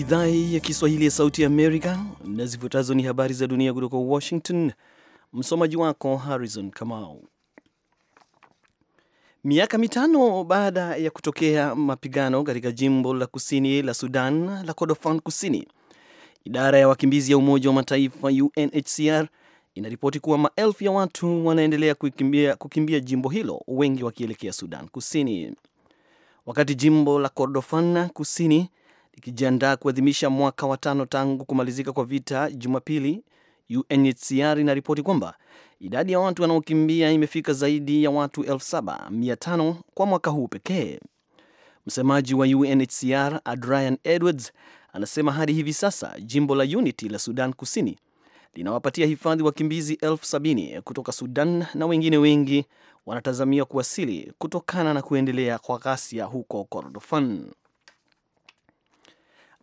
idhaa ya Kiswahili ya Sauti Amerika, na zifuatazo ni habari za dunia kutoka Washington. Msomaji wako Harrison Kamau. Miaka mitano baada ya kutokea mapigano katika jimbo la kusini la Sudan la Kordofan Kusini, idara ya wakimbizi ya Umoja wa Mataifa UNHCR inaripoti kuwa maelfu ya watu wanaendelea kukimbia, kukimbia jimbo hilo, wengi wakielekea Sudan Kusini, wakati jimbo la Kordofan Kusini ikijiandaa kuadhimisha mwaka wa tano tangu kumalizika kwa vita Jumapili, UNHCR inaripoti kwamba idadi ya watu wanaokimbia imefika zaidi ya watu 7500 kwa mwaka huu pekee. Msemaji wa UNHCR Adrian Edwards anasema hadi hivi sasa jimbo la Unity la Sudan Kusini linawapatia hifadhi wakimbizi 70 kutoka Sudan na wengine wengi wanatazamia kuwasili kutokana na kuendelea kwa ghasia huko Kordofan.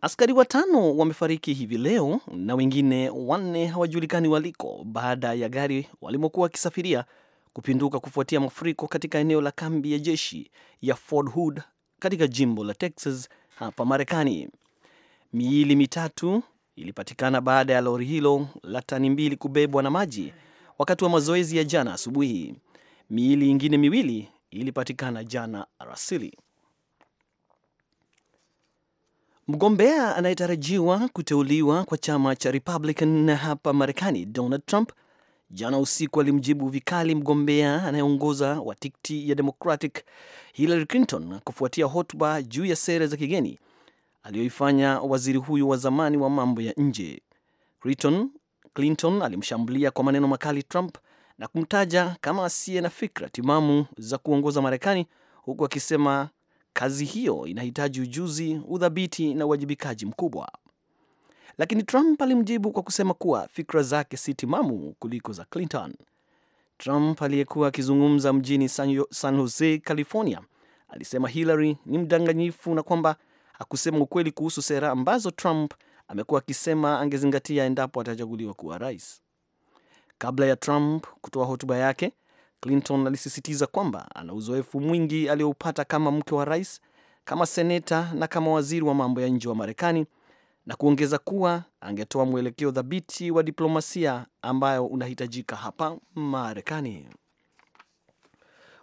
Askari watano wamefariki hivi leo na wengine wanne hawajulikani waliko baada ya gari walimokuwa wakisafiria kupinduka kufuatia mafuriko katika eneo la kambi ya jeshi ya Fort Hood katika jimbo la Texas hapa Marekani. Miili mitatu ilipatikana baada ya lori hilo la tani mbili kubebwa na maji wakati wa mazoezi ya jana asubuhi. Miili ingine miwili ilipatikana jana arasili. Mgombea anayetarajiwa kuteuliwa kwa chama cha Republican hapa Marekani, Donald Trump jana usiku alimjibu vikali mgombea anayeongoza wa tikiti ya Democratic Hillary Clinton kufuatia hotuba juu ya sera za kigeni aliyoifanya waziri huyo wa zamani wa mambo ya nje. Clinton, Clinton alimshambulia kwa maneno makali Trump na kumtaja kama asiye na fikra timamu za kuongoza Marekani, huku akisema Kazi hiyo inahitaji ujuzi, udhabiti na uwajibikaji mkubwa. Lakini Trump alimjibu kwa kusema kuwa fikra zake si timamu kuliko za Clinton. Trump aliyekuwa akizungumza mjini San Jose, California, alisema Hillary ni mdanganyifu na kwamba hakusema ukweli kuhusu sera ambazo Trump amekuwa akisema angezingatia endapo atachaguliwa kuwa rais. Kabla ya Trump kutoa hotuba yake, Clinton alisisitiza kwamba ana uzoefu mwingi aliyoupata kama mke wa rais, kama seneta na kama waziri wa mambo ya nje wa Marekani, na kuongeza kuwa angetoa mwelekeo thabiti wa diplomasia ambayo unahitajika hapa Marekani.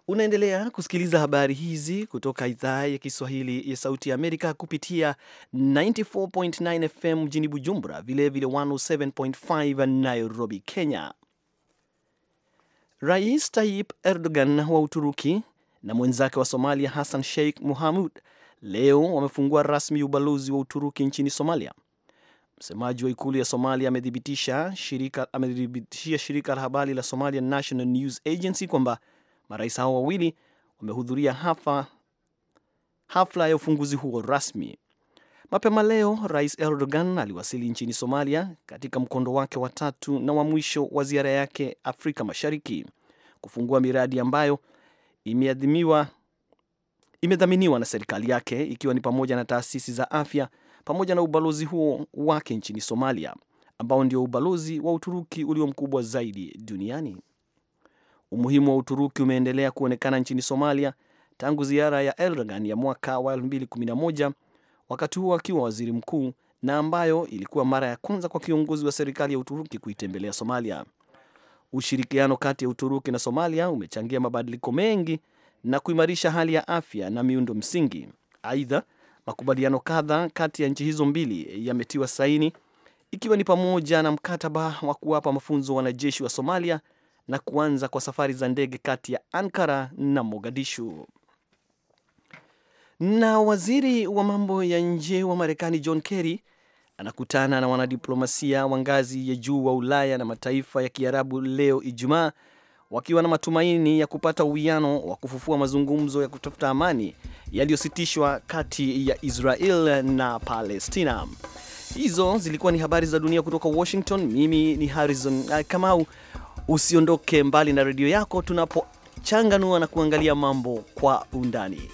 Unaendelea kusikiliza habari hizi kutoka idhaa ya Kiswahili ya Sauti ya Amerika kupitia 94.9 FM mjini Bujumbura, vilevile 107.5 Nairobi, Kenya. Rais Tayyip Erdogan wa Uturuki na mwenzake wa Somalia Hassan Sheikh muhamud leo wamefungua rasmi ubalozi wa Uturuki nchini Somalia. Msemaji wa ikulu ya Somalia amethibitishia shirika, shirika la habari la Somalia National News Agency kwamba marais hao wawili wamehudhuria hafla ya ufunguzi huo rasmi. Mapema leo Rais Erdogan aliwasili nchini Somalia katika mkondo wake wa tatu na wa mwisho wa ziara yake Afrika Mashariki, kufungua miradi ambayo imedhaminiwa na serikali yake ikiwa ni pamoja na taasisi za afya pamoja na ubalozi huo wake nchini Somalia ambao ndio ubalozi wa Uturuki ulio mkubwa zaidi duniani. Umuhimu wa Uturuki umeendelea kuonekana nchini Somalia tangu ziara ya Erdogan ya mwaka wa 2011 wakati huo akiwa waziri mkuu na ambayo ilikuwa mara ya kwanza kwa kiongozi wa serikali ya Uturuki kuitembelea Somalia. Ushirikiano kati ya Uturuki na Somalia umechangia mabadiliko mengi na kuimarisha hali ya afya na miundo msingi. Aidha, makubaliano kadhaa kati ya nchi hizo mbili yametiwa saini, ikiwa ni pamoja na mkataba wa kuwapa mafunzo wanajeshi wa Somalia na kuanza kwa safari za ndege kati ya Ankara na Mogadishu. Na waziri wa mambo ya nje wa Marekani John Kerry anakutana na wanadiplomasia wa ngazi ya juu wa Ulaya na mataifa ya Kiarabu leo Ijumaa, wakiwa na matumaini ya kupata uwiano wa kufufua mazungumzo ya kutafuta amani yaliyositishwa kati ya Israel na Palestina. Hizo zilikuwa ni habari za dunia kutoka Washington. Mimi ni Harrison eh, Kamau. Usiondoke mbali na redio yako tunapochanganua na kuangalia mambo kwa undani.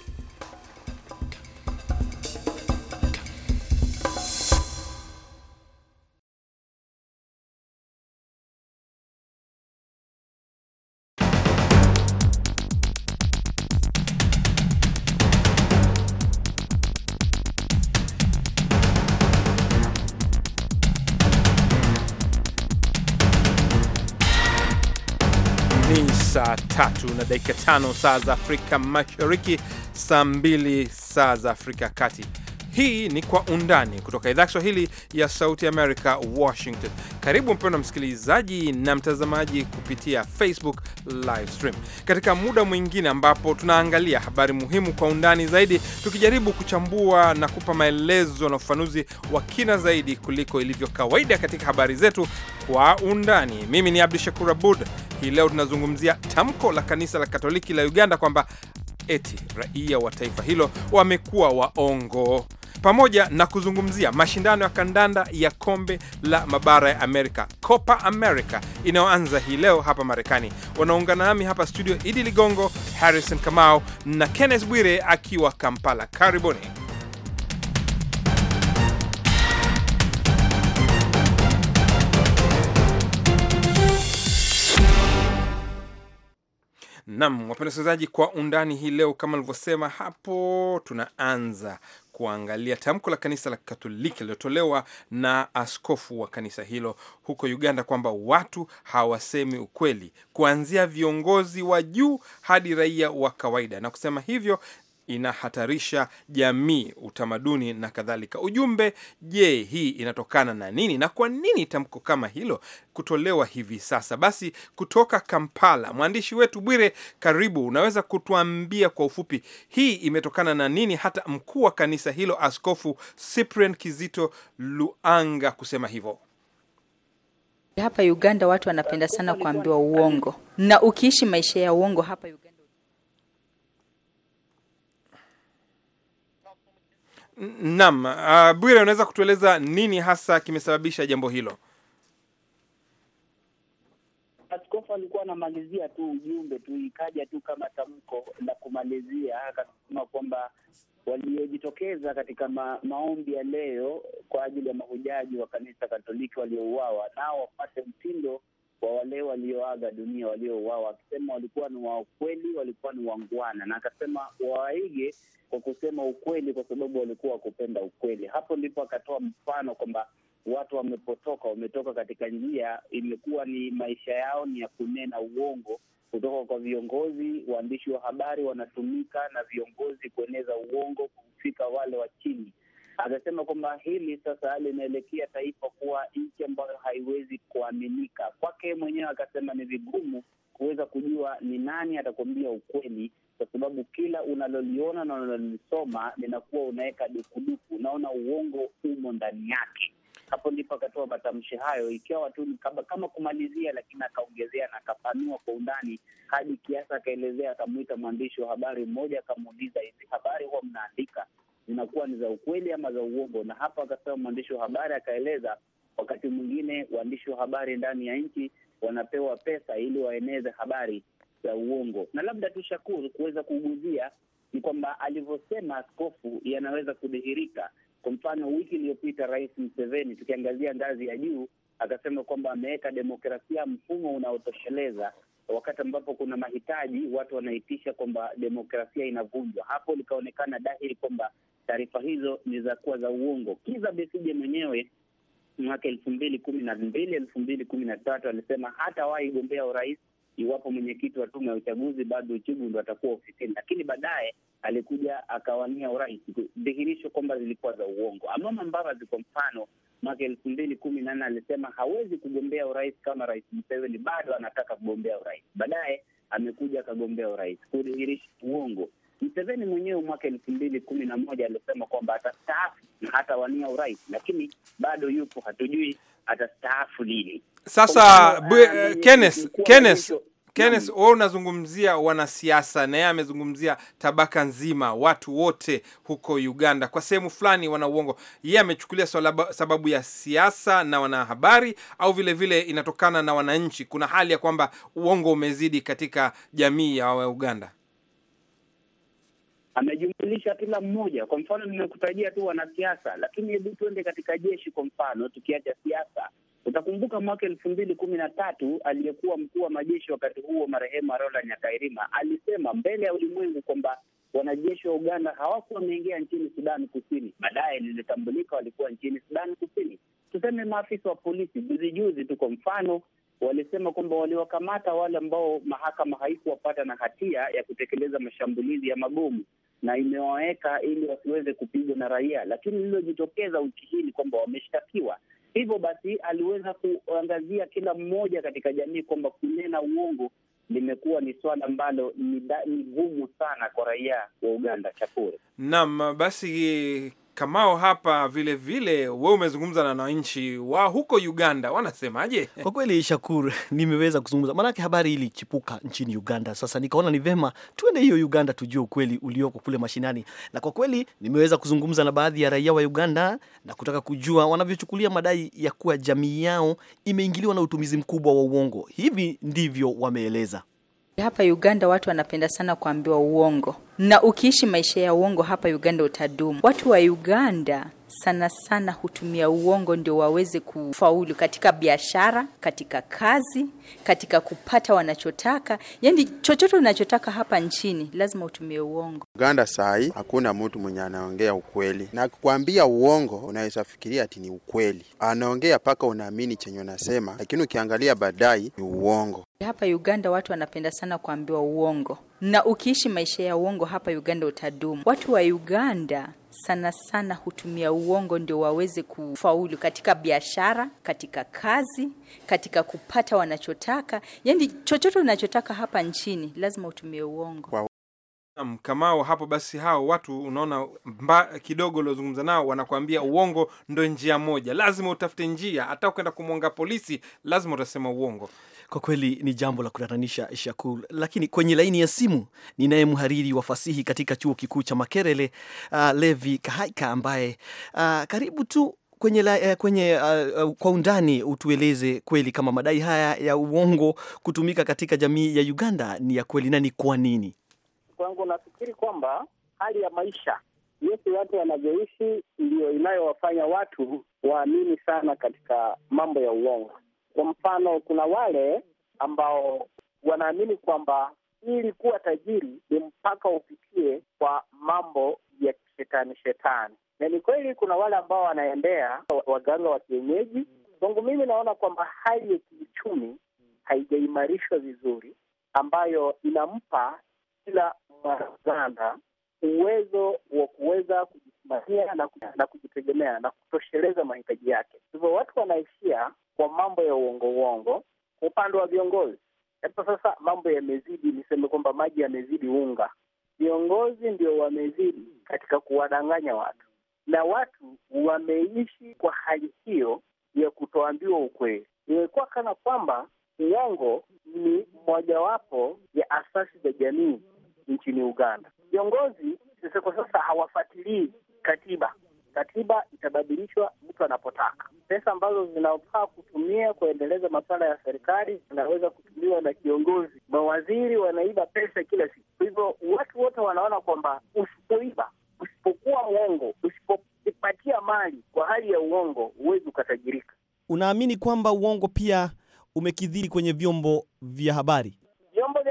dakika tano saa za Afrika Mashariki, saa mbili saa za Afrika Kati. Hii ni Kwa Undani kutoka idhaa Kiswahili ya Sauti Amerika, Washington. Karibu mpendwa msikilizaji na mtazamaji kupitia Facebook live stream, katika muda mwingine ambapo tunaangalia habari muhimu kwa undani zaidi, tukijaribu kuchambua na kupa maelezo na ufafanuzi wa kina zaidi kuliko ilivyo kawaida katika habari zetu. Kwa Undani, mimi ni Abdu Shakur Abud hii leo tunazungumzia tamko la kanisa la Katoliki la Uganda kwamba eti raia wa taifa hilo wamekuwa waongo, pamoja na kuzungumzia mashindano ya kandanda ya kombe la mabara ya Amerika, Copa America, inayoanza hii leo hapa Marekani. Wanaungana nami hapa studio Idi Ligongo, Harrison Kamau na Kenneth Bwire akiwa Kampala. Karibuni. Naam, wapenda wasikilizaji, kwa undani hii leo, kama alivyosema hapo, tunaanza kuangalia tamko la kanisa la Katoliki lililotolewa na askofu wa kanisa hilo huko Uganda kwamba watu hawasemi ukweli, kuanzia viongozi wa juu hadi raia wa kawaida, na kusema hivyo inahatarisha jamii, utamaduni na kadhalika. Ujumbe je, hii inatokana na nini na kwa nini tamko kama hilo kutolewa hivi sasa? Basi kutoka Kampala, mwandishi wetu Bwire, karibu. Unaweza kutuambia kwa ufupi hii imetokana na nini hata mkuu wa kanisa hilo Askofu Cyprian Kizito Luanga kusema hivyo? Hapa Uganda watu wanapenda sana kuambiwa uongo, na ukiishi maisha ya uongo hapa Uganda Naam, uh, Bwire, unaweza kutueleza nini hasa kimesababisha jambo hilo? Askofu alikuwa anamalizia tu ujumbe tu, ikaja tu kama tamko la kumalizia, akasema kwamba waliojitokeza katika ma, maombi ya leo kwa ajili ya mahujaji wa kanisa Katoliki waliouawa nao wapate mtindo kwa wale walioaga dunia waliouawa, akisema walikuwa ni wa ukweli, walikuwa ni wangwana, na akasema wawaige kwa kusema ukweli, kwa sababu walikuwa wakupenda ukweli. Hapo ndipo akatoa mfano kwamba watu wamepotoka, wametoka katika njia, imekuwa ni maisha yao ni ya kunena uongo kutoka kwa viongozi. Waandishi wa habari wanatumika na viongozi kueneza uongo, kufika wale wa chini Akasema kwamba hili sasa linaelekea taifa kuwa nchi ambayo haiwezi kuaminika. Kwake mwenyewe akasema ni vigumu kuweza kujua ni nani atakuambia ukweli, kwa sababu kila unaloliona na unalolisoma linakuwa unaweka dukuduku, unaona uongo umo ndani yake. Hapo ndipo akatoa matamshi hayo, ikiwa tu kama kumalizia, lakini akaongezea na akapanua kwa undani hadi kiasa akaelezea, akamwita mwandishi wa habari mmoja akamuuliza, hizi habari huwa mnaandika zinakuwa ni za ukweli ama za uongo. Na hapa akasema mwandishi wa habari akaeleza, wakati mwingine waandishi wa habari ndani ya nchi wanapewa pesa ili waeneze habari za uongo. Na labda tushakuru kuweza kuguzia ni kwamba alivyosema askofu yanaweza kudhihirika. Kwa mfano, wiki iliyopita Rais mseveni tukiangazia ngazi ya juu, akasema kwamba ameweka demokrasia mfumo unaotosheleza wakati ambapo kuna mahitaji, watu wanaitisha kwamba demokrasia inavunjwa. Hapo likaonekana dhahiri kwamba taarifa hizo ni za kuwa za uongo. Kiza Besije mwenyewe mwaka elfu mbili kumi na mbili elfu mbili kumi na tatu alisema hatawahi gombea urais iwapo mwenyekiti wa tume ya uchaguzi bado Chugu ndo atakuwa ofisini, lakini baadaye alikuja akawania urais, dhihirisho kwamba zilikuwa za uongo. Amama Mbabazi kwa mfano, mwaka elfu mbili kumi na nne alisema hawezi kugombea urais kama Rais Museveni bado anataka kugombea urais. Baadaye amekuja akagombea urais, kudhihirisha uongo. mseveni mwenyewe mwaka elfu mbili kumi na moja alisema kwamba atastaafu na hatawania urais, lakini bado yupo, hatujui atastaafu lini? Sasa ah, eh, Kenneth, Kenneth unazungumzia wanasiasa na yeye amezungumzia tabaka nzima, watu wote huko Uganda kwa sehemu fulani wana uongo. Yeye amechukulia sababu ya siasa na wanahabari, au vile vile inatokana na wananchi. Kuna hali ya kwamba uongo umezidi katika jamii ya uganda amejumlisha kila mmoja. Kwa mfano, nimekutajia tu wanasiasa, lakini hebu tuende katika jeshi. Kwa mfano, tukiacha siasa, utakumbuka mwaka elfu mbili kumi na tatu aliyekuwa mkuu wa majeshi wakati huo marehemu Arola Nyakairima alisema mbele ya ulimwengu kwamba wanajeshi wa Uganda hawakuwa wameingia nchini Sudani Kusini. Baadaye lilitambulika walikuwa nchini Sudani Kusini. Tuseme maafisa wa polisi juzi juzi tu, kwa mfano, walisema kwamba waliwakamata wale ambao mahakama haikuwapata na hatia ya kutekeleza mashambulizi ya mabomu na imewaweka ili wasiweze kupigwa na raia, lakini lililojitokeza wiki hii ni kwamba wameshtakiwa. Hivyo basi, aliweza kuangazia kila mmoja katika jamii kwamba kunena uongo limekuwa ni swala ambalo ni gumu sana kwa raia wa Uganda. Chakure, naam. Basi Kamao hapa vile vile, we umezungumza na wananchi wa huko Uganda, wanasemaje? Kwa kweli, Shakur, nimeweza kuzungumza, maanake habari hili chipuka nchini Uganda. Sasa nikaona ni vema tuende hiyo Uganda, tujue ukweli ulioko kule mashinani, na kwa kweli nimeweza kuzungumza na baadhi ya raia wa Uganda na kutaka kujua wanavyochukulia madai ya kuwa jamii yao imeingiliwa na utumizi mkubwa wa uongo. Hivi ndivyo wameeleza. Hapa Uganda watu wanapenda sana kuambiwa uongo, na ukiishi maisha ya uongo hapa Uganda utadumu. Watu wa Uganda sana sana hutumia uongo ndio waweze kufaulu katika biashara, katika kazi, katika kupata wanachotaka. Yaani chochote unachotaka hapa nchini lazima utumie uongo. Uganda sahi hakuna mtu mwenye anaongea ukweli, na kukwambia uongo unaweza fikiria ati ni ukweli, anaongea mpaka unaamini chenye unasema, lakini ukiangalia baadaye ni uongo. Hapa Uganda watu wanapenda sana kuambiwa uongo, na ukiishi maisha ya uongo hapa Uganda utadumu. Watu wa Uganda sana sana hutumia uongo ndio waweze kufaulu katika biashara, katika kazi, katika kupata wanachotaka, yaani chochote unachotaka hapa nchini lazima utumie uongo. Wow. Kamao, hapo basi, hao watu unaona mba, kidogo uliozungumza nao wanakuambia uongo ndo njia moja, lazima utafute njia. Hata ukenda kumwonga polisi, lazima utasema uongo. Kwa kweli ni jambo la kutatanisha, Shakul. Lakini kwenye laini ya simu ninaye mhariri wa fasihi katika chuo kikuu cha Makerele, uh, Levi Kahaika ambaye uh, karibu tu kwenye, la, eh, kwenye uh, uh, kwa undani utueleze kweli kama madai haya ya uongo kutumika katika jamii ya Uganda ni ya kweli na ni kwa nini? kwangu, nafikiri kwamba hali ya maisha jinsi watu wanavyoishi ndiyo inayowafanya watu waamini sana katika mambo ya uongo. Kwa mfano, kuna wale ambao wanaamini kwamba ili kuwa tajiri ni mpaka upitie kwa mambo ya shetani shetani, na ni kweli kuna wale ambao wanaendea waganga wa kienyeji. Kwangu mimi, naona kwamba hali ya kiuchumi haijaimarishwa vizuri, ambayo inampa kila Uganda uwezo wa kuweza kujisimamia na, na kujitegemea na kutosheleza mahitaji yake. Hivyo watu wanaishia kwa mambo ya uongo uongo kwa upande wa viongozi. Hata sasa mambo yamezidi, niseme kwamba maji yamezidi unga. Viongozi ndio wamezidi katika kuwadanganya watu, na watu wameishi kwa hali hiyo ya kutoambiwa ukweli. Imekuwa kana kwamba uongo ni mojawapo ya asasi za jamii nchini Uganda. Viongozi sasa kwa sasa hawafuatilii katiba. Katiba itabadilishwa mtu anapotaka. Pesa ambazo zinafaa kutumia kuendeleza masuala ya serikali zinaweza kutumiwa na kiongozi. Mawaziri wanaiba pesa kila siku, kwa hivyo watu wote wanaona kwamba usipoiba, usipokuwa uongo, usipoipatia mali kwa hali ya uongo, huwezi ukatajirika. Unaamini kwamba uongo pia umekidhiri kwenye vyombo vya habari?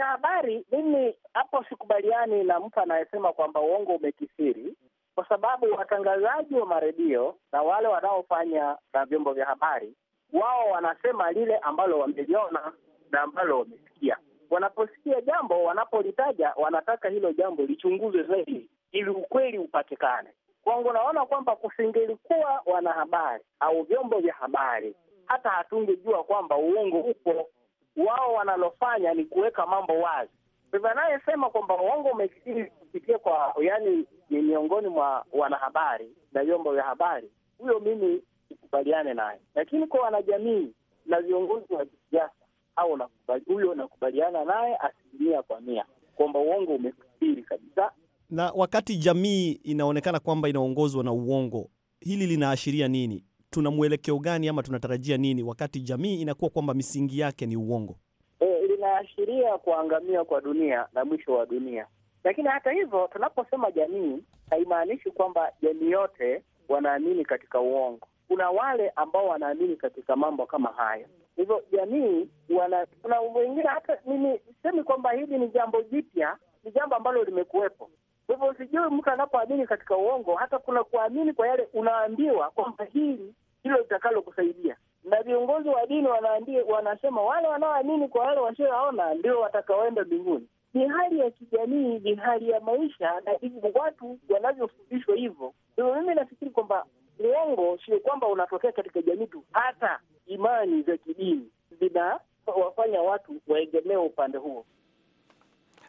vya habari, mimi hapo sikubaliani na mtu anayesema kwamba uongo umekisiri kwa sababu watangazaji wa maredio na wale wanaofanya na vyombo vya habari wao wanasema lile ambalo wameliona na ambalo wamesikia. Wanaposikia jambo, wanapolitaja, wanataka hilo jambo lichunguzwe zaidi ili ukweli upatikane. Kwangu naona kwamba kusingelikuwa wanahabari au vyombo vya habari, hata hatungejua kwamba uongo upo wao wanalofanya ni kuweka mambo wazi. Kwa hivyo anayesema kwamba uongo umekithiri kupitia kwa, yani ni miongoni mwa wanahabari na vyombo vya habari, huyo mimi sikubaliane naye, lakini kwa wanajamii na viongozi wa kisiasa au huyo nakubaliana naye asilimia kwa mia kwamba uongo umekithiri kabisa. Na wakati jamii inaonekana kwamba inaongozwa na uongo, hili linaashiria nini? tuna mwelekeo gani ama tunatarajia nini wakati jamii inakuwa kwamba misingi yake ni uongo? E, linaashiria kuangamia kwa dunia na mwisho wa dunia. Lakini hata hivyo, tunaposema jamii, haimaanishi kwamba jamii yote wanaamini katika uongo. Kuna wale ambao wanaamini katika mambo kama hayo. Hivyo jamii wana, kuna wengine hata mimi sisemi kwamba hili ni jambo jipya, ni jambo ambalo limekuwepo. Kwa hivyo sijui mtu anapoamini katika uongo, hata kuna kuamini kwa yale unaambiwa kwamba hili hilo litakalokusaidia. Na viongozi wa dini wanaambia, wanasema wale wanaoamini kwa wale wasioona ndio watakaoenda mbinguni. Ni hali ya kijamii, ni hali ya maisha, na hivyo watu wanavyofundishwa hivyo. ndio. mimi nafikiri kwamba uongo sio kwamba unatokea katika jamii tu, hata imani za kidini zinawafanya watu waegemee upande huo.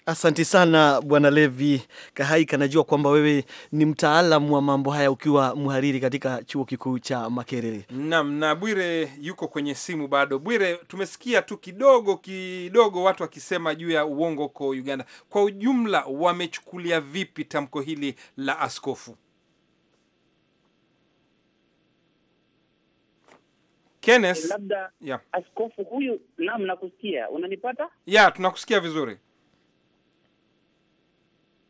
Asanti sana Bwana Levi Kahaika, najua kwamba wewe ni mtaalamu wa mambo haya ukiwa mhariri katika chuo kikuu cha Makerere. Naam, na Bwire yuko kwenye simu bado. Bwire, tumesikia tu kidogo kidogo watu wakisema juu ya uongo huko Uganda. Kwa ujumla, wamechukulia vipi tamko hili la askofu Kenneth? Labda yeah. Askofu huyu, naam, nakusikia. Unanipata? Yeah, tunakusikia vizuri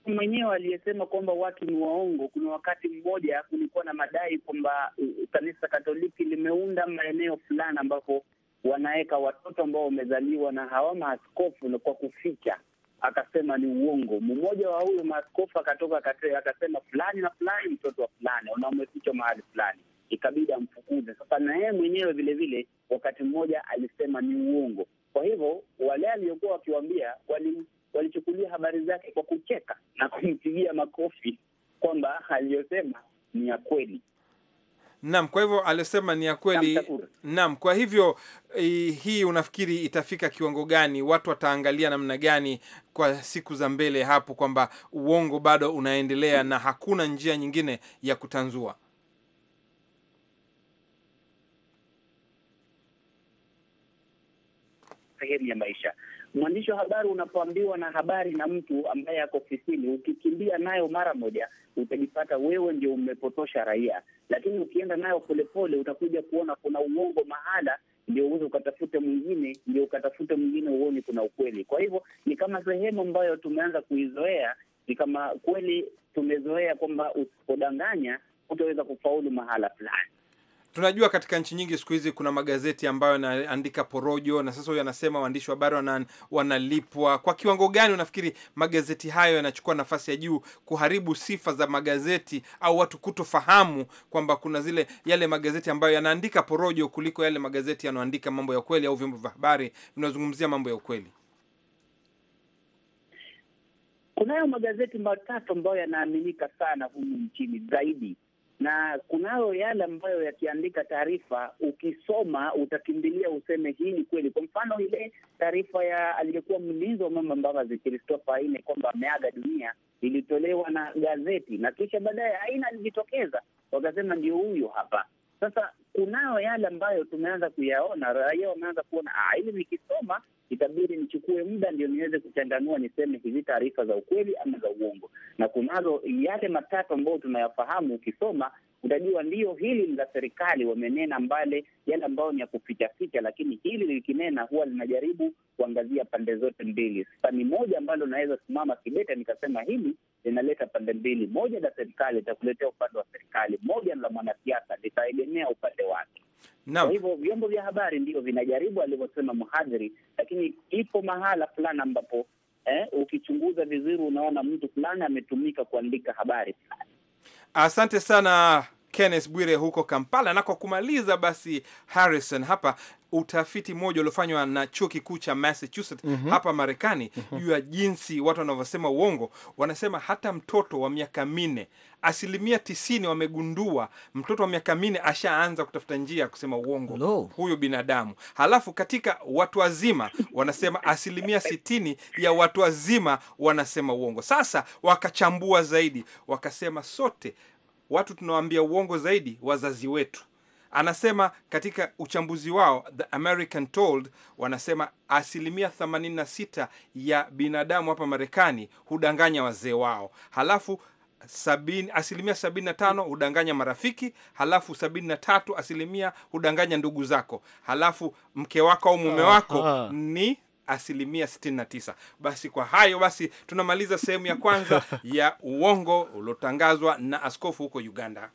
mwenyewe aliyesema kwamba watu ni waongo. Kuna wakati mmoja kulikuwa na madai kwamba uh, kanisa Katoliki limeunda maeneo fulani ambapo wanaweka watoto ambao wamezaliwa na hawa maaskofu kwa kuficha. Akasema ni uongo. Mmoja wa huyo maaskofu akatoka akasema, fulani na fulani mtoto wa fulani na umefichwa mahali fulani, ikabidi amfukuze. Sasa na yeye mwenyewe vilevile wakati mmoja alisema ni uongo. Kwa hivyo wale aliokuwa wakiwambia walichukulia habari zake kwa kucheka na kumpigia makofi kwamba aliyosema ni ya kweli. Naam, kwa hivyo alisema ni ya kweli. Naam, kwa hivyo hii unafikiri itafika kiwango gani? Watu wataangalia namna gani kwa siku za mbele hapo, kwamba uongo bado unaendelea na hakuna njia nyingine ya kutanzua? Sehemu ya maisha Mwandishi wa habari, unapoambiwa na habari na mtu ambaye ako ofisini, ukikimbia nayo mara moja, utajipata wewe ndio umepotosha raia. Lakini ukienda nayo polepole, utakuja kuona kuna uongo mahala, ndio uweze ukatafute mwingine, ndio ukatafute mwingine, uone kuna ukweli. Kwa hivyo ni kama sehemu ambayo tumeanza kuizoea, ni kama kweli tumezoea kwamba usipodanganya utaweza kufaulu mahala fulani. Tunajua katika nchi nyingi siku hizi kuna magazeti ambayo yanaandika porojo, na sasa huyu anasema waandishi wa habari wana, wanalipwa kwa kiwango gani? Unafikiri magazeti hayo yanachukua nafasi ya juu kuharibu sifa za magazeti au watu kutofahamu kwamba kuna zile yale magazeti ambayo yanaandika porojo kuliko yale magazeti yanayoandika mambo ya ukweli, au vyombo vya habari vinazungumzia mambo ya ukweli? Kunayo magazeti matatu ambayo yanaaminika sana humu nchini zaidi na kunayo yale ambayo yakiandika taarifa, ukisoma utakimbilia useme hii ni kweli. Kwa mfano ile taarifa ya aliyekuwa mlinzi wa mama Mbavazi Kristofa Aine kwamba ameaga dunia ilitolewa na gazeti na kisha baadaye Aina alijitokeza, wakasema ndio huyo hapa. Sasa kunayo yale ambayo tumeanza kuyaona, raia wameanza kuona ah, hili nikisoma itabidi nichukue muda ndio niweze kuchanganua niseme hizi taarifa za ukweli ama za uongo, na kunazo yale matatu ambayo tunayafahamu. Ukisoma utajua ndio hili ni la serikali wamenena, mbale yale ambayo ni ya kufichaficha, lakini hili likinena huwa linajaribu kuangazia pande zote mbili. Sasa ni moja ambalo naweza simama kibete nikasema hili linaleta pande mbili, moja la serikali litakuletea upande wa serikali, moja la mwanasiasa litaegemea upande upande wake. Kwa hivyo vyombo vya habari ndio vinajaribu alivyosema mhadhiri, lakini ipo mahala fulani ambapo eh, ukichunguza vizuri unaona mtu fulani ametumika kuandika habari fulani. Asante sana Kenneth Bwire huko Kampala. Na kwa kumaliza basi, Harrison, hapa utafiti mmoja uliofanywa na chuo kikuu cha Massachusetts mm -hmm. hapa Marekani mm -hmm. ya jinsi watu wanavyosema uongo. Wanasema hata mtoto wa miaka minne asilimia tisini wamegundua mtoto wa miaka minne ashaanza kutafuta njia ya kusema uongo no. huyu binadamu. Halafu katika watu wazima wanasema asilimia sitini ya watu wazima wanasema uongo. Sasa wakachambua zaidi, wakasema sote watu tunawaambia uongo zaidi wazazi wetu Anasema katika uchambuzi wao The American Told, wanasema asilimia 86 ya binadamu hapa Marekani hudanganya wazee wao, halafu Sabini, asilimia sabini na tano hudanganya marafiki, halafu sabini na tatu asilimia hudanganya ndugu zako, halafu mke wako au mume wako ni asilimia sitini na tisa. Basi kwa hayo basi tunamaliza sehemu ya kwanza ya uongo uliotangazwa na askofu huko Uganda.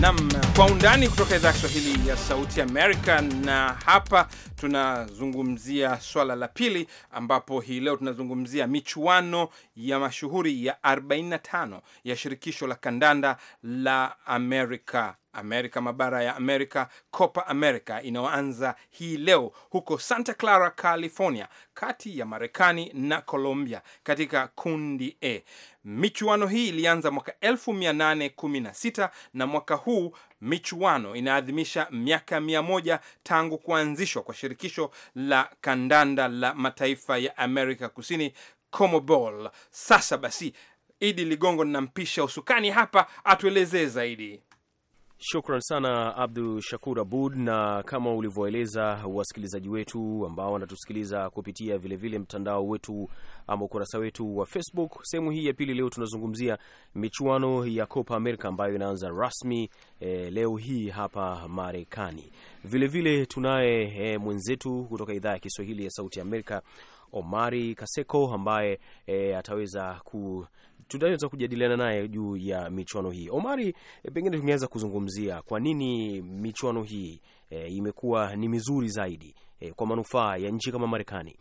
Nam kwa undani kutoka idhaa ya Kiswahili ya Sauti Amerika. Na hapa tunazungumzia swala la pili, ambapo hii leo tunazungumzia michuano ya mashuhuri ya 45 ya shirikisho la kandanda la Amerika Amerika, mabara ya Amerika, Copa America inayoanza hii leo huko Santa Clara, California, kati ya Marekani na Colombia katika kundi E. Michuano hii ilianza mwaka 1816 na mwaka huu michuano inaadhimisha miaka mia moja tangu kuanzishwa kwa shirikisho la kandanda la mataifa ya Amerika Kusini, CONMEBOL. Sasa basi, Idi Ligongo ninampisha usukani hapa atuelezee zaidi. Shukran sana Abdu Shakur Abud, na kama ulivyoeleza wasikilizaji wetu ambao wanatusikiliza kupitia vilevile mtandao wetu ama ukurasa wetu wa Facebook, sehemu hii ya pili leo tunazungumzia michuano ya Copa America ambayo inaanza rasmi e, leo hii hapa Marekani. Vilevile tunaye e, mwenzetu kutoka idhaa ya Kiswahili ya Sauti ya Amerika Omari Kaseko ambaye e, ataweza ku tutaweza kujadiliana naye juu ya michuano hii. Omari, eh, pengine tungeweza kuzungumzia kwa nini michuano hii e, imekuwa ni mizuri zaidi e, kwa manufaa ya nchi kama Marekani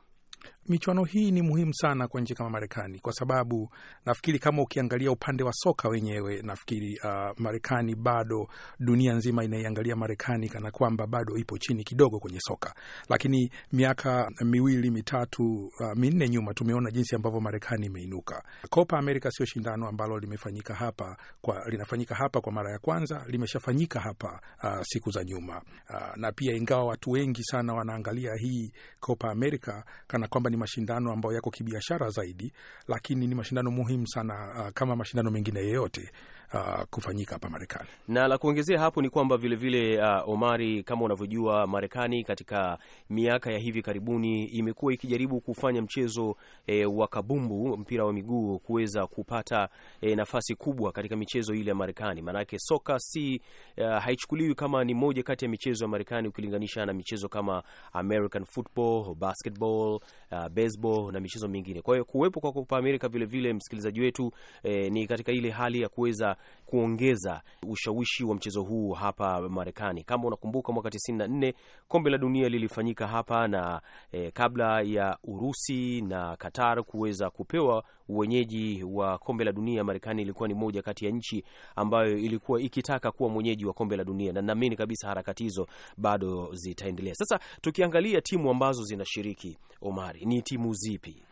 michuano hii ni muhimu sana kwa nchi kama Marekani kwa sababu nafikiri kama ukiangalia upande wa soka wenyewe, nafikiri uh, Marekani bado, dunia nzima inaiangalia Marekani kana kwamba bado ipo chini kidogo kwenye soka, lakini miaka miwili mitatu uh, minne nyuma tumeona jinsi ambavyo Marekani imeinuka. Copa America sio shindano ambalo limefanyika hapa kwa, linafanyika hapa kwa mara ya kwanza, limeshafanyika hapa uh, siku za nyuma uh, na pia ingawa watu wengi sana wanaangalia hii Copa America kana kwamba ni mashindano ambayo yako kibiashara zaidi, lakini ni mashindano muhimu sana uh, kama mashindano mengine yeyote uh, kufanyika hapa Marekani. Na la kuongezea hapo ni kwamba vilevile vile, uh, Omari, kama unavyojua Marekani katika miaka ya hivi karibuni imekuwa ikijaribu kufanya mchezo eh, wa kabumbu, mpira wa miguu kuweza kupata eh, nafasi kubwa katika michezo ile ya Marekani. Maanake soka si uh, haichukuliwi kama ni moja kati ya michezo ya Marekani ukilinganisha na michezo kama American football, basketball, uh, baseball na michezo mingine. Kwa hiyo kuwepo kwa Copa America vilevile, msikilizaji wetu eh, ni katika ile hali ya kuweza kuongeza ushawishi wa mchezo huu hapa Marekani. Kama unakumbuka mwaka 94 kombe la dunia lilifanyika hapa na eh, kabla ya Urusi na Qatar kuweza kupewa uwenyeji wa kombe la dunia, Marekani ilikuwa ni moja kati ya nchi ambayo ilikuwa ikitaka kuwa mwenyeji wa kombe la dunia, na naamini kabisa harakati hizo bado zitaendelea. Sasa tukiangalia timu ambazo zinashiriki, Omari, ni timu zipi?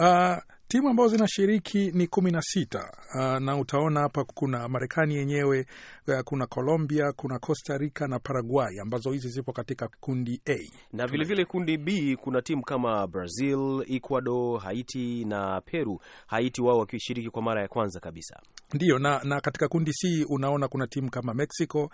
Uh, timu ambazo zinashiriki ni kumi na sita uh, na utaona hapa kuna Marekani yenyewe uh, kuna Colombia, kuna Costa Rica na Paraguay ambazo hizi zipo katika kundi A na vilevile kundi B kuna timu kama Brazil, Ecuador, Haiti na Peru. Haiti wao wakishiriki kwa mara ya kwanza kabisa ndiyo na, na katika kundi C unaona kuna timu kama Mexico,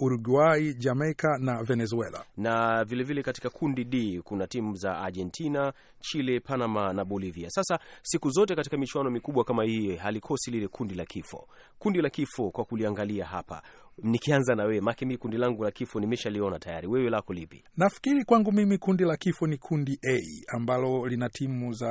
Uruguay, Jamaica na Venezuela, na vilevile vile katika kundi D kuna timu za Argentina, Chile, Panama na Bolivia. Sasa siku zote katika michuano mikubwa kama hii halikosi lile kundi la kifo. Kundi la kifo kwa kuliangalia hapa nikianza na wewe, maana mi kundi langu la kifo nimeshaliona tayari. Wewe lako lipi? Nafikiri kwangu mimi kundi la kifo ni kundi A ambalo lina timu za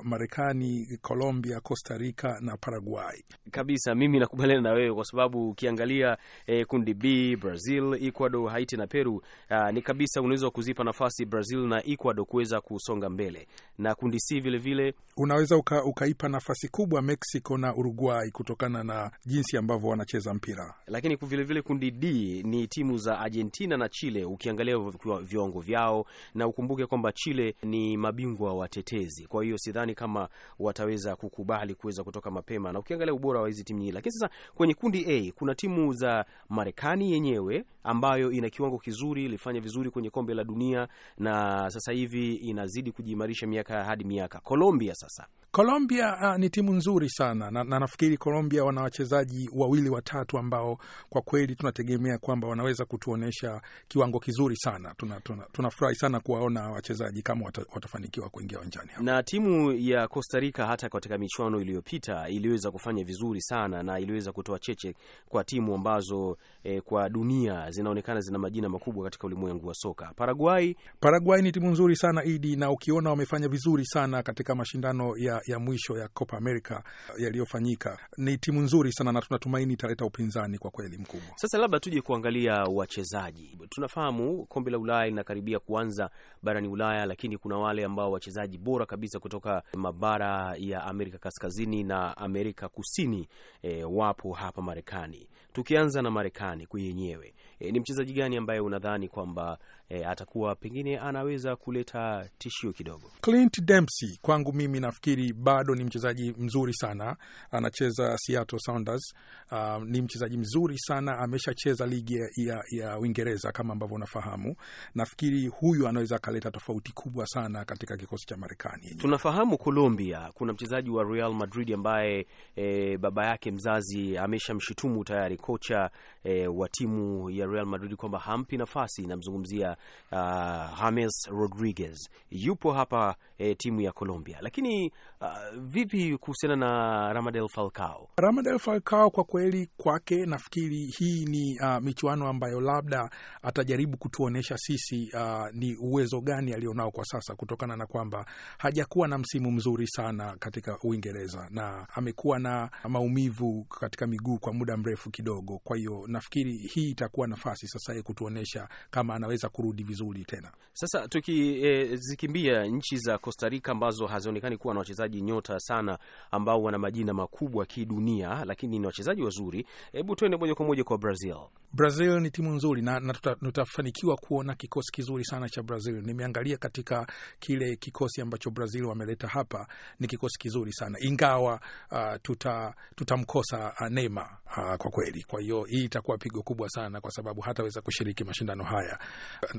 uh, Marekani, Colombia, Costa Rica na Paraguay. Kabisa, mimi nakubaliana na wewe kwa sababu ukiangalia eh, kundi B, Brazil, Ecuador, Haiti na Peru, uh, ni kabisa unaweza kuzipa nafasi Brazil na Ecuador kuweza kusonga mbele, na kundi C vile vile unaweza uka, ukaipa nafasi kubwa Mexico na Uruguay kutokana na jinsi ambavyo wanacheza mpira, lakini vile vilevile kundi D ni timu za Argentina na Chile, ukiangalia viwango vyao na ukumbuke kwamba Chile ni mabingwa watetezi, kwa hiyo sidhani kama wataweza kukubali kuweza kutoka mapema, na ukiangalia ubora wa hizi timu nyingi. Lakini sasa kwenye kundi A kuna timu za Marekani yenyewe ambayo ina kiwango kizuri, ilifanya vizuri kwenye kombe la dunia na sasa hivi inazidi kujiimarisha miaka hadi miaka. Colombia sasa Colombia uh, ni timu nzuri sana na, na nafikiri Colombia wana wachezaji wawili watatu ambao kwa kweli tunategemea kwamba wanaweza kutuonyesha kiwango kizuri sana. Tunafurahi tuna, tuna sana kuwaona wachezaji kama wata, watafanikiwa kuingia uwanjani. Na timu ya Costa Rica hata katika michuano iliyopita iliweza kufanya vizuri sana na iliweza kutoa cheche kwa timu ambazo e, kwa dunia zinaonekana zina majina makubwa katika ulimwengu wa soka. Paraguay, Paraguay ni timu nzuri sana Idi, na ukiona wamefanya vizuri sana katika mashindano ya, ya mwisho ya Copa America yaliyofanyika. Ni timu nzuri sana na tunatumaini italeta upinzani kwa kweli mkubwa. Sasa labda tuje kuangalia wachezaji. Tunafahamu kombe la Ulaya linakaribia kuanza barani Ulaya, lakini kuna wale ambao wachezaji bora kabisa kutoka mabara ya Amerika Kaskazini na Amerika Kusini e, wapo hapa Marekani. Tukianza na Marekani kwa yenyewe. E, ni mchezaji gani ambaye unadhani kwamba e, atakuwa pengine anaweza kuleta tishio kidogo? Clint Dempsey kwangu mimi nafikiri bado ni mchezaji mzuri sana, anacheza Seattle Sounders. Uh, ni mchezaji mzuri sana, ameshacheza ligi ya, ya Uingereza kama ambavyo unafahamu. Nafikiri huyu anaweza akaleta tofauti kubwa sana katika kikosi cha Marekani. Tunafahamu Colombia kuna mchezaji wa Real Madrid ambaye e, baba yake mzazi ameshamshutumu tayari kocha e, wa timu ya Real Madrid kwamba hampi nafasi. Namzungumzia uh, James Rodriguez yupo hapa eh, timu ya Colombia, lakini uh, vipi kuhusiana na Ramadel Falcao? Ramadel Falcao kwa kweli kwake nafikiri hii ni uh, michuano ambayo labda atajaribu kutuonyesha sisi uh, ni uwezo gani alionao kwa sasa, kutokana na kwamba hajakuwa na msimu mzuri sana katika Uingereza na amekuwa na maumivu katika miguu kwa muda mrefu kidogo, kwa hiyo nafikiri nafikiri hii itakuwa nafasi sasa ya kutuonyesha kama anaweza kurudi vizuri tena. Sasa tukizikimbia e, nchi za Costa Rica ambazo hazionekani kuwa na wachezaji nyota sana ambao wana majina makubwa kidunia, lakini ni wachezaji wazuri, hebu tuende moja kwa moja kwa Brazil. Brazil ni timu nzuri na, na tutafanikiwa tuta kuona kikosi kizuri sana cha Brazil. Nimeangalia katika kile kikosi ambacho Brazil wameleta hapa, ni kikosi kizuri sana ingawa uh, tutamkosa tuta uh, Neymar uh, kwa kweli. Kwa hiyo hii itakuwa itakuwa pigo kubwa sana, kwa sababu hataweza kushiriki mashindano haya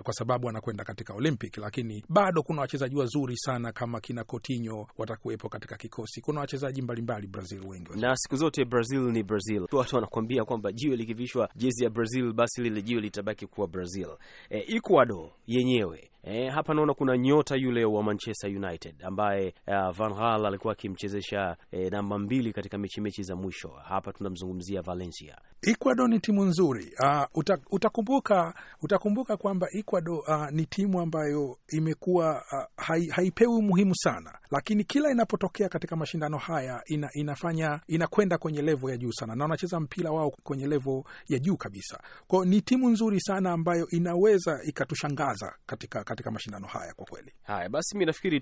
kwa sababu anakwenda katika Olympic. Lakini bado kuna wachezaji wazuri sana kama kina Coutinho watakuwepo katika kikosi. Kuna wachezaji mbalimbali Brazil wengi, na siku zote Brazil ni Brazil. Watu wanakuambia kwamba jiwe likivishwa jezi ya Brazil, basi lile jiwe litabaki kuwa Brazil. E, Ecuador yenyewe E, hapa naona kuna nyota yule wa Manchester United ambaye uh, Van Gaal alikuwa akimchezesha e, namba mbili katika mechi mechi za mwisho. Hapa tunamzungumzia Valencia. Ecuador ni timu nzuri. Uh, utakumbuka, utakumbuka kwamba Ecuador uh, ni timu ambayo imekuwa uh, hai, haipewi umuhimu sana, lakini kila inapotokea katika mashindano haya ina, inafanya inakwenda kwenye levo ya juu sana na wanacheza mpira wao kwenye levo ya juu kabisa. Kwao ni timu nzuri sana ambayo inaweza ikatushangaza katika, katika mashindano haya kwa kweli. Haya basi, mi nafikiri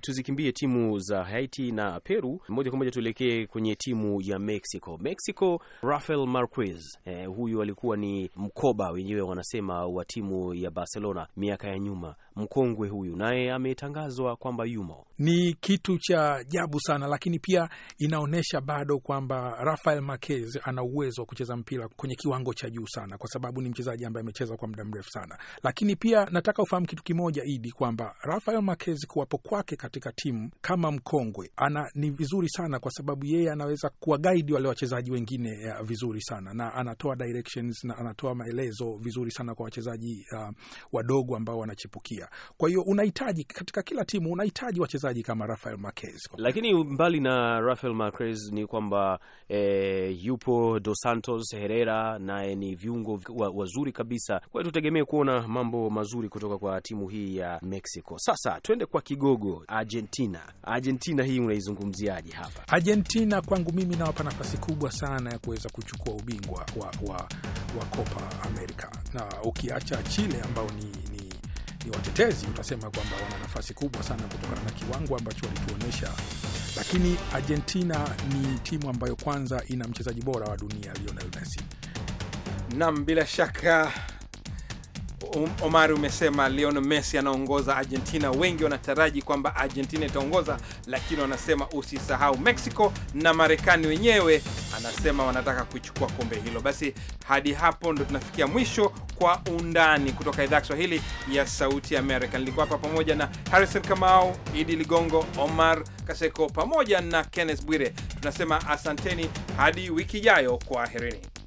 tuzikimbie timu za Haiti na Peru moja kwa moja tuelekee kwenye timu ya Mexico. Mexico Rafael Marquez Cruise. Eh, huyu alikuwa ni mkoba wenyewe wanasema wa timu ya Barcelona miaka ya nyuma, mkongwe huyu naye ametangazwa kwamba yumo. Ni kitu cha ajabu sana, lakini pia inaonyesha bado kwamba Rafael Marquez ana uwezo wa kucheza mpira kwenye kiwango cha juu sana, kwa sababu ni mchezaji ambaye amecheza kwa muda mrefu sana. Lakini pia nataka ufahamu kitu kimoja, Idi, kwamba Rafael Marquez kuwapo kwake katika timu kama mkongwe ana ni vizuri sana, kwa sababu yeye anaweza kuwa guide wale wachezaji wengine uh, vizuri sana na anatoa directions na anatoa maelezo vizuri sana kwa wachezaji uh, wadogo ambao wanachipukia kwa hiyo unahitaji katika kila timu unahitaji wachezaji kama Rafael Marquez. Lakini mbali na Rafael Marquez ni kwamba eh, yupo Dos Santos Herrera, naye ni viungo wazuri wa kabisa. Kwa hiyo tutegemee kuona mambo mazuri kutoka kwa timu hii ya Mexico. Sasa twende kwa kigogo Argentina. Argentina hii unaizungumziaje hapa? Argentina kwangu mimi nawapa nafasi kubwa sana ya kuweza kuchukua ubingwa wa, wa, wa Copa America na ukiacha Chile ambao ni watetezi utasema kwamba wana nafasi kubwa sana kutokana na kiwango ambacho walituonyesha, lakini Argentina ni timu ambayo kwanza ina mchezaji bora wa dunia Lionel Messi. Nam, bila shaka Um, Omari, umesema Lionel Messi anaongoza Argentina. Wengi wanataraji kwamba Argentina itaongoza, lakini wanasema usisahau Mexico na Marekani wenyewe, anasema wanataka kuchukua kombe hilo. Basi hadi hapo ndo tunafikia mwisho kwa undani kutoka idhaa ya Kiswahili ya Sauti Amerika. Nilikuwa hapa pamoja na Harrison Kamau, Idi Ligongo, Omar Kaseko pamoja na Kenneth Bwire. Tunasema asanteni hadi wiki ijayo, kwa herini.